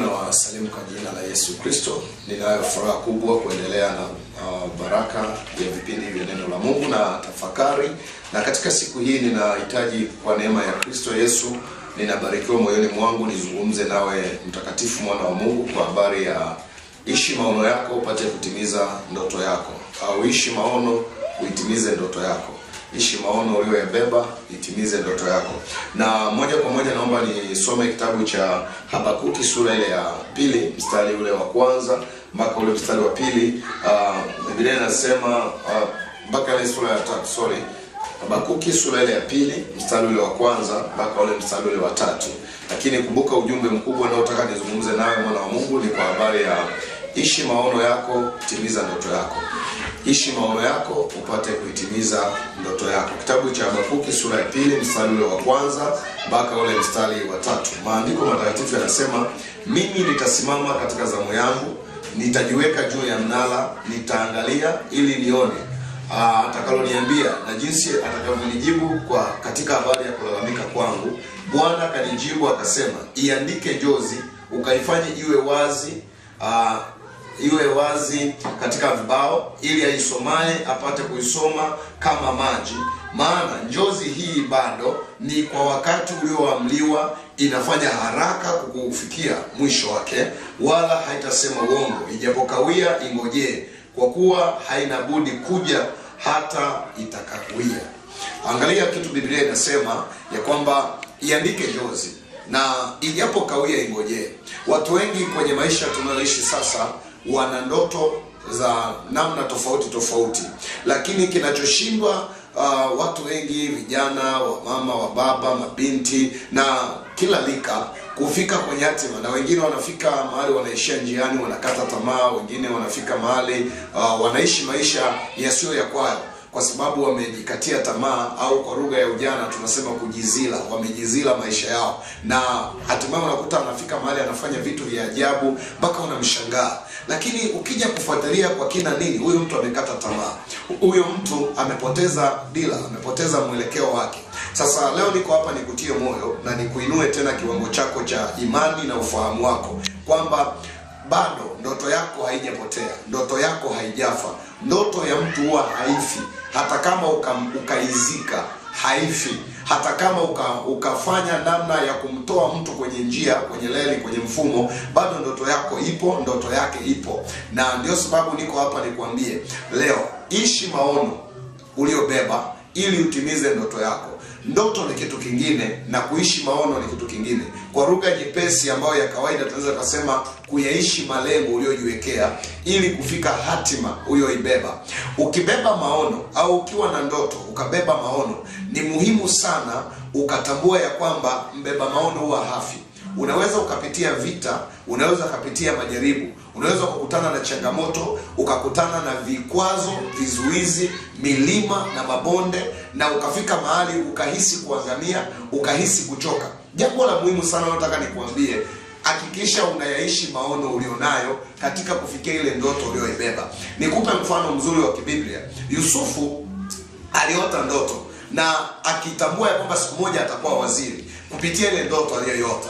na wasalimu kwa jina la Yesu Kristo. Ninayo furaha kubwa kuendelea na uh, baraka ya vipindi vya neno la Mungu na tafakari, na katika siku hii ninahitaji kwa neema ya Kristo Yesu, ninabarikiwa moyoni mwangu nizungumze nawe mtakatifu, mwana wa Mungu, kwa habari ya ishi maono yako upate kutimiza ndoto yako, au ishi maono uitimize ndoto yako ishi maono uliyoyabeba, itimize ndoto yako. Na moja kwa moja naomba nisome kitabu cha Habakuki sura ile ya pili mstari ule wa kwanza mpaka ule mstari wa pili. Ah, Biblia uh, inasema uh, mpaka ile sura ya tatu, sorry Habakuki sura ile ya pili mstari ule wa kwanza mpaka ule mstari ule wa tatu. Lakini kumbuka ujumbe mkubwa unaotaka nizungumze nawe mwana wa Mungu ni kwa habari ya ishi maono yako, timiza ndoto yako ishi maono yako upate kuitimiza ndoto yako. Kitabu cha Habakuki sura ya pili mstari ule wa kwanza mpaka ule mstari wa tatu. Maandiko matakatifu yanasema, mimi nitasimama katika zamu yangu, nitajiweka juu ya mnala nitaangalia ili nione ah, atakaloniambia na jinsi atakavyonijibu kwa katika habari ya kulalamika kwangu. Bwana kanijibu akasema, iandike jozi ukaifanye iwe wazi aa, ah, iwe wazi katika vibao, ili aisomaye apate kuisoma kama maji, maana njozi hii bado ni kwa wakati ulioamliwa, inafanya haraka kukufikia mwisho wake, wala haitasema uongo. Ijapokawia ingojee, kwa kuwa haina budi kuja hata itakawia. Angalia kitu Biblia inasema ya kwamba iandike njozi na ijapokawia ingojee. Watu wengi kwenye maisha tunayoishi sasa wana ndoto za namna tofauti tofauti, lakini kinachoshindwa uh, watu wengi vijana, wa mama wa baba mabinti na kila lika kufika kwenye hatima, na wengine wanafika mahali wanaishia njiani, wanakata tamaa, wengine wanafika mahali uh, wanaishi maisha yasiyo ya kwao kwa sababu wamejikatia tamaa, au kwa lugha ya ujana tunasema kujizila, wamejizila maisha yao, na hatimaye unakuta anafika mahali anafanya vitu vya ajabu mpaka unamshangaa. Lakini ukija kufuatilia kwa kina nini, huyu mtu amekata tamaa, huyo mtu amepoteza dira, amepoteza mwelekeo wake. Sasa leo niko hapa nikutie moyo na nikuinue tena kiwango chako cha imani na ufahamu wako kwamba bado ndoto yako haijapotea, ndoto yako haijafa, ndoto ya mtu huwa haifi hata kama ukaizika haifi, hata kama uka, ukafanya namna ya kumtoa mtu kwenye njia, kwenye leli, kwenye mfumo, bado ndoto yako ipo, ndoto yake ipo. Na ndio sababu niko hapa nikuambie leo, ishi maono uliobeba ili utimize ndoto yako. Ndoto ni kitu kingine na kuishi maono ni kitu kingine. Kwa lugha nyepesi ambayo ya kawaida tunaweza kusema kuyaishi malengo uliyojiwekea ili kufika hatima uliyoibeba. Ukibeba maono au ukiwa na ndoto ukabeba maono, ni muhimu sana ukatambua ya kwamba mbeba maono huwa hafi. Unaweza ukapitia vita, unaweza ukapitia majaribu, unaweza ukakutana na changamoto, ukakutana na vikwazo, vizuizi, milima na mabonde, na ukafika mahali ukahisi kuangamia, ukahisi kuchoka. Jambo la muhimu sana nataka nikuambie, hakikisha unayaishi maono ulionayo katika kufikia ile ndoto uliyoibeba. Nikupe mfano mzuri wa kibiblia. Yusufu aliota ndoto na akitambua ya kwamba siku moja atakuwa waziri kupitia ile ndoto aliyoyota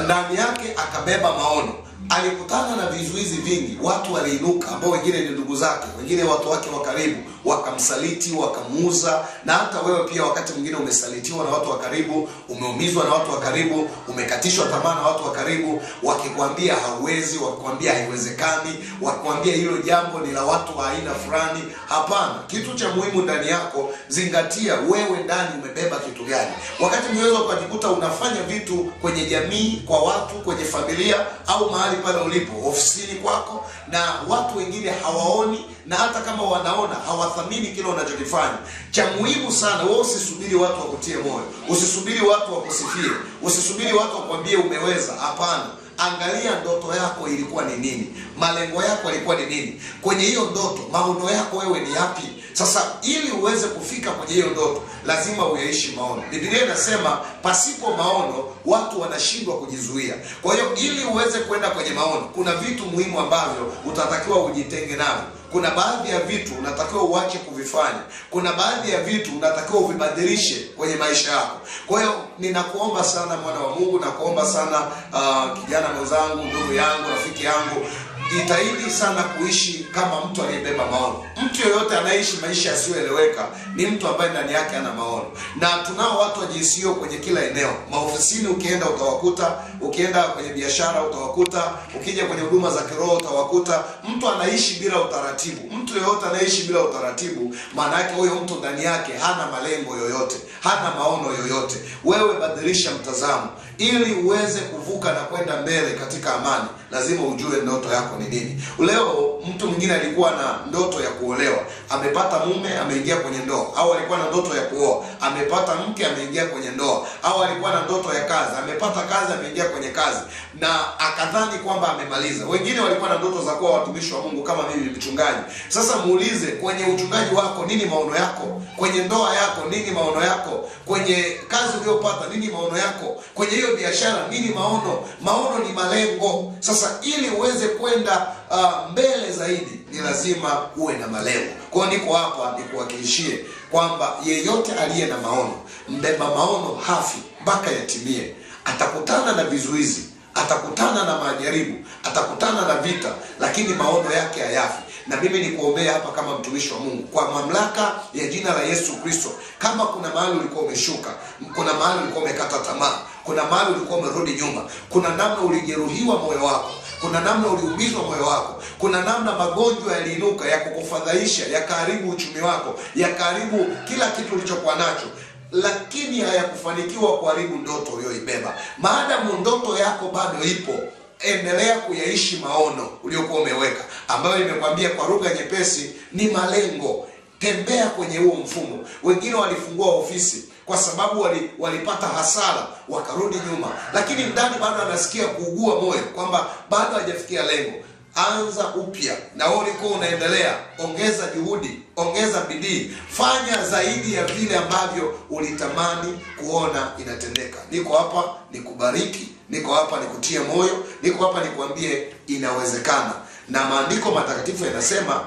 ndani yake akabeba maono alikutana na vizuizi vingi, watu waliinuka, ambao wengine ni ndugu zake, wengine watu wake wa karibu, wakamsaliti, wakamuuza. Na hata wewe pia wakati mwingine umesalitiwa na watu wa karibu, umeumizwa na watu wa karibu, umekatishwa tamaa na watu wa karibu, wakikwambia hauwezi, wakikwambia haiwezekani, wakikwambia hilo jambo ni la watu wa aina fulani. Hapana, kitu cha muhimu ndani yako, zingatia wewe ndani umebeba kitu gani. Wakati unaweza ukajikuta unafanya vitu kwenye jamii, kwa watu, kwenye familia au mahali pale ulipo ofisini kwako, na watu wengine hawaoni, na hata kama wanaona hawathamini kile unachokifanya. Cha muhimu sana, wewe usisubiri watu wakutie moyo, usisubiri watu wakusifie, usisubiri watu wakwambie umeweza. Hapana, angalia ndoto yako ilikuwa ni nini, malengo yako yalikuwa ni nini, kwenye hiyo ndoto maono yako wewe ni yapi? Sasa ili uweze kufika kwenye hiyo ndoto, lazima uyaishi maono. Biblia inasema pasipo maono watu wanashindwa kujizuia. Kwa hiyo ili uweze kwenda kwenye maono, kuna vitu muhimu ambavyo utatakiwa ujitenge navyo. Kuna baadhi ya vitu unatakiwa uache kuvifanya. Kuna baadhi ya vitu unatakiwa uvibadilishe kwenye maisha yako. Kwa hiyo ninakuomba sana mwana wa Mungu, nakuomba sana uh, kijana mwenzangu, ndugu yangu, rafiki yangu jitahidi sana kuishi kama mtu aliyebeba maono. Mtu yoyote anayeishi maisha yasiyoeleweka ni mtu ambaye ndani yake ana maono, na tunao watu wa jinsi hiyo kwenye kila eneo. Maofisini ukienda utawakuta, ukienda kwenye biashara utawakuta, ukija kwenye huduma za kiroho utawakuta. Mtu anaishi bila utaratibu. Mtu yoyote anaishi bila utaratibu, maana yake huyo mtu ndani yake hana malengo yoyote, hana maono yoyote. Wewe badilisha mtazamo ili uweze ku kuvuka na kwenda mbele katika amani, lazima ujue ndoto yako ni nini. Leo mtu mwingine alikuwa na ndoto ya kuolewa, amepata mume, ameingia kwenye ndoa, au alikuwa na ndoto ya kuoa, amepata mke, ameingia kwenye ndoa, au alikuwa na ndoto ya kazi, amepata kazi, ameingia kwenye kazi na akadhani kwamba amemaliza. Wengine walikuwa na ndoto za kuwa watumishi wa Mungu kama mimi mchungaji. Sasa muulize kwenye uchungaji wako nini maono yako? Kwenye ndoa yako nini maono yako? Kwenye kazi uliyopata nini maono yako? Kwenye hiyo biashara nini maono maono. Maono ni malengo. Sasa ili uweze kwenda uh, mbele zaidi, ni lazima uwe na malengo. Kwa hiyo niko hapa nikuhakikishie kwamba yeyote aliye na maono, mbeba maono hafi mpaka yatimie. Atakutana na vizuizi, atakutana na majaribu, atakutana na vita, lakini maono yake hayafi na mimi nikuombea hapa kama mtumishi wa Mungu kwa mamlaka ya jina la Yesu Kristo. Kama kuna mahali ulikuwa umeshuka, kuna mahali ulikuwa umekata tamaa, kuna mahali ulikuwa umerudi nyuma, kuna namna ulijeruhiwa moyo wako, kuna namna uliumizwa moyo wako, kuna namna magonjwa yaliinuka yakukufadhaisha, yakaharibu uchumi wako, yakaharibu kila kitu ulichokuwa nacho lakini hayakufanikiwa kuharibu ndoto uliyoibeba. Maadamu ndoto yako bado ipo, endelea kuyaishi maono uliokuwa umeweka, ambayo imekwambia kwa lugha nyepesi ni malengo. Tembea kwenye huo mfumo. Wengine walifungua ofisi kwa sababu wali, walipata hasara wakarudi nyuma, lakini ndani bado anasikia kuugua moyo kwamba bado hajafikia lengo. Anza upya na wewe ulikuwa unaendelea, ongeza juhudi, ongeza bidii, fanya zaidi ya vile ambavyo ulitamani kuona inatendeka. Niko hapa nikubariki, niko hapa nikutie moyo, niko hapa nikuambie inawezekana. Na maandiko matakatifu yanasema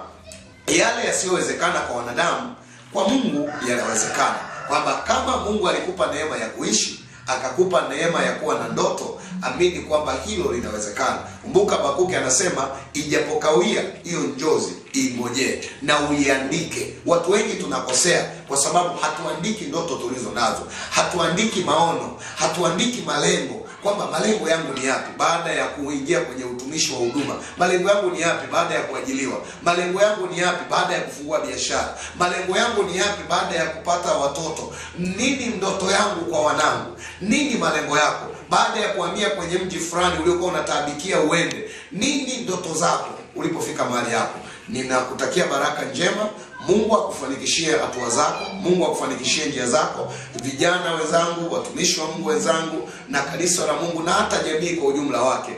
yale yasiyowezekana kwa wanadamu, kwa Mungu yanawezekana kwamba kama Mungu alikupa neema ya kuishi akakupa neema ya kuwa na ndoto, amini kwamba hilo linawezekana. Kumbuka bakuke anasema ijapokawia hiyo njozi ingojee na uiandike. Watu wengi tunakosea kwa sababu hatuandiki ndoto tulizo nazo, hatuandiki maono, hatuandiki malengo kwamba malengo yangu ni yapi baada ya kuingia kwenye utumishi wa huduma, malengo yangu ni yapi baada ya kuajiliwa, malengo yangu ni yapi baada ya kufungua biashara, malengo yangu ni yapi baada ya kupata watoto, nini ndoto yangu kwa wanangu, nini malengo yako baada ya kuhamia kwenye mji fulani uliokuwa unataabikia uende, nini ndoto zako ulipofika mahali hapo. Ninakutakia baraka njema. Mungu akufanikishie hatua zako, Mungu akufanikishie njia zako, vijana wenzangu, watumishi wa Mungu wenzangu, na kanisa la Mungu na hata jamii kwa ujumla wake.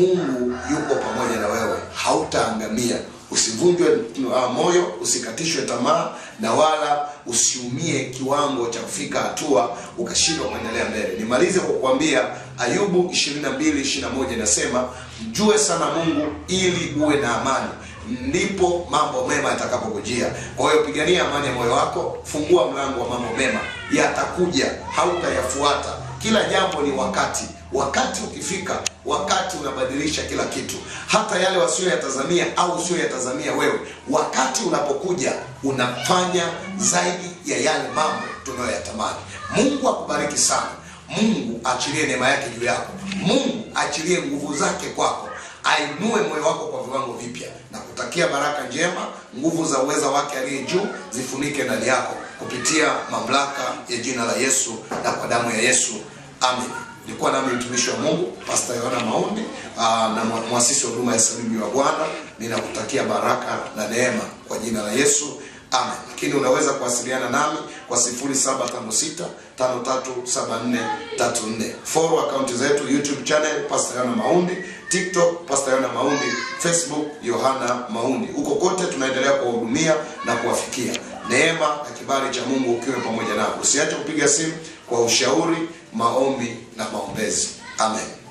Mungu yuko pamoja na wewe, hautaangamia. Usivunjwe ah, moyo, usikatishwe tamaa, na wala usiumie kiwango cha kufika hatua ukashindwa kuendelea mbele. Nimalize kwa kukwambia Ayubu 22:21 inasema, mjue sana Mungu ili uwe na amani ndipo mambo mema yatakapokujia. Kwa hiyo pigania amani ya moyo wako, fungua mlango wa mambo mema, yatakuja, hautayafuata. Kila jambo ni wakati, wakati ukifika, wakati unabadilisha kila kitu, hata yale wasiyoyatazamia au usiyoyatazamia wewe. Wakati unapokuja, unafanya zaidi ya yale mambo tunayoyatamani. Mungu akubariki sana. Mungu achilie neema yake juu yako. Mungu achilie nguvu zake kwako, ainue moyo wako kwa viwango vipya. Takia baraka njema, nguvu za uweza wake aliye juu zifunike ndani yako kupitia mamlaka ya jina la Yesu na kwa damu ya Yesu, amen. Nilikuwa nami mtumishi wa Mungu Pastor Yohana Maundi ah, na mwasisi wa huduma ya Sabibi wa Bwana. Ninakutakia baraka na neema kwa jina la Yesu, amen. Lakini unaweza kuwasiliana nami kwa 0756 5374 4 account zetu YouTube channel Pastor Yohana Maundi TikTok Pastor Yohana maundi Facebook Yohana maundi Huko kote tunaendelea kuwahudumia na kuwafikia. Neema na kibali cha Mungu ukiwe pamoja nako. Usiache kupiga simu kwa ushauri, maombi na maombezi. Amen.